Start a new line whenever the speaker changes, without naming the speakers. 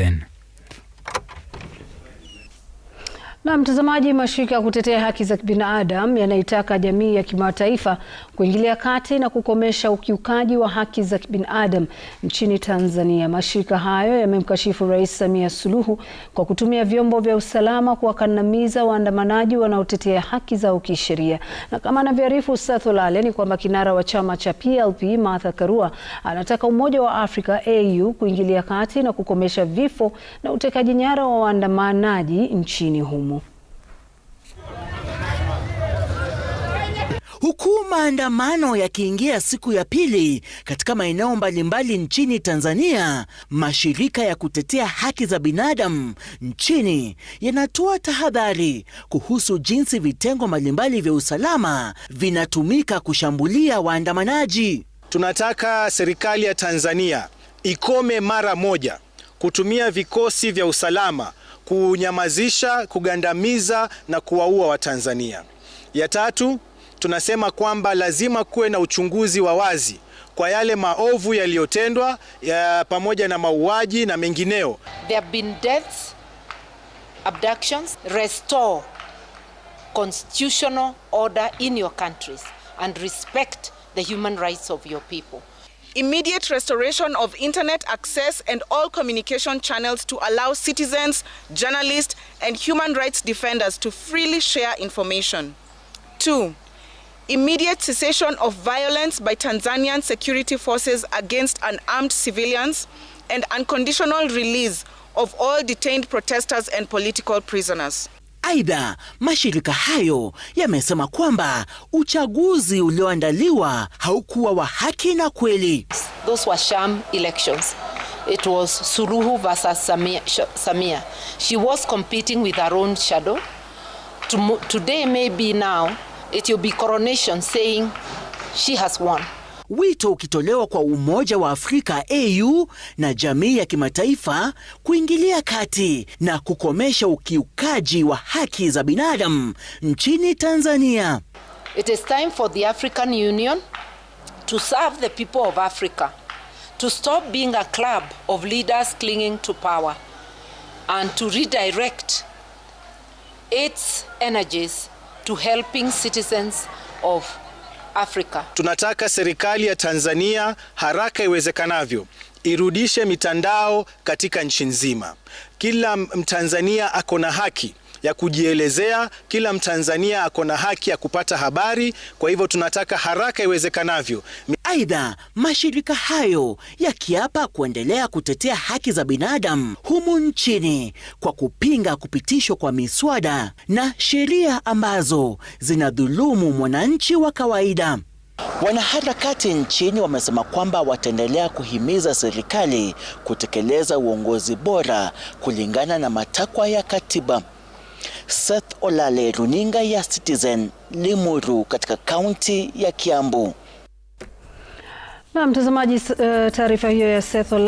then. Na mtazamaji, mashirika ya kutetea haki za binadamu yanaitaka jamii ya kimataifa kuingilia kati na kukomesha ukiukaji wa haki za kibinadamu nchini Tanzania. Mashirika hayo yamemkashifu Rais Samia Suluhu kwa kutumia vyombo vya usalama kuwakandamiza waandamanaji wanaotetea haki zao kisheria. Na kama anavyoarifu Seth Olale ni kwamba kinara wa chama cha PLP Martha Karua anataka Umoja wa Afrika AU kuingilia kati na kukomesha vifo na utekaji nyara wa waandamanaji nchini humo.
Huku maandamano yakiingia siku ya pili katika maeneo mbalimbali nchini Tanzania, mashirika ya kutetea haki za binadamu nchini yanatoa tahadhari kuhusu jinsi vitengo mbalimbali vya usalama vinatumika kushambulia waandamanaji.
Tunataka serikali ya Tanzania ikome mara moja kutumia vikosi vya usalama kunyamazisha, kugandamiza na kuwaua Watanzania. Ya tatu tunasema kwamba lazima kuwe na uchunguzi wa wazi kwa yale maovu yaliyotendwa ya pamoja na mauaji na mengineo.
There have been deaths, abductions. Restore constitutional order in your countries and respect the human rights of your people.
Immediate restoration of internet access and all communication channels to allow citizens, journalists and human rights defenders to freely share information. Two, immediate cessation of violence by Tanzanian security forces against unarmed civilians, and unconditional release of all detained protesters and political prisoners.
Aidha, mashirika hayo yamesema kwamba uchaguzi ulioandaliwa haukuwa wa haki na kweli.
Those were sham elections. It was Suluhu versus Samia, Samia. She was competing with her own shadow. Today maybe now it will be coronation saying she has won.
Wito ukitolewa kwa Umoja wa Afrika AU na jamii ya kimataifa kuingilia kati na kukomesha ukiukaji wa haki za binadamu nchini Tanzania.
It is time for the African Union to serve the people of Africa, to stop being a club of leaders clinging to power and to redirect its energies to helping citizens of Africa.
Tunataka serikali ya Tanzania haraka iwezekanavyo irudishe mitandao katika nchi nzima. Kila Mtanzania ako na haki ya kujielezea. Kila Mtanzania ako na haki ya kupata habari, kwa hivyo tunataka haraka iwezekanavyo.
Aidha, mashirika hayo yakiapa kuendelea kutetea haki za binadamu humu nchini kwa kupinga kupitishwa kwa miswada na sheria ambazo zinadhulumu mwananchi wa kawaida. Wanaharakati nchini wamesema kwamba wataendelea kuhimiza serikali kutekeleza uongozi bora kulingana na matakwa ya katiba. Seth Olale, runinga ya Citizen, Limuru katika kaunti ya Kiambu. Na mtazamaji, eh, taarifa hiyo ya Seth Olale.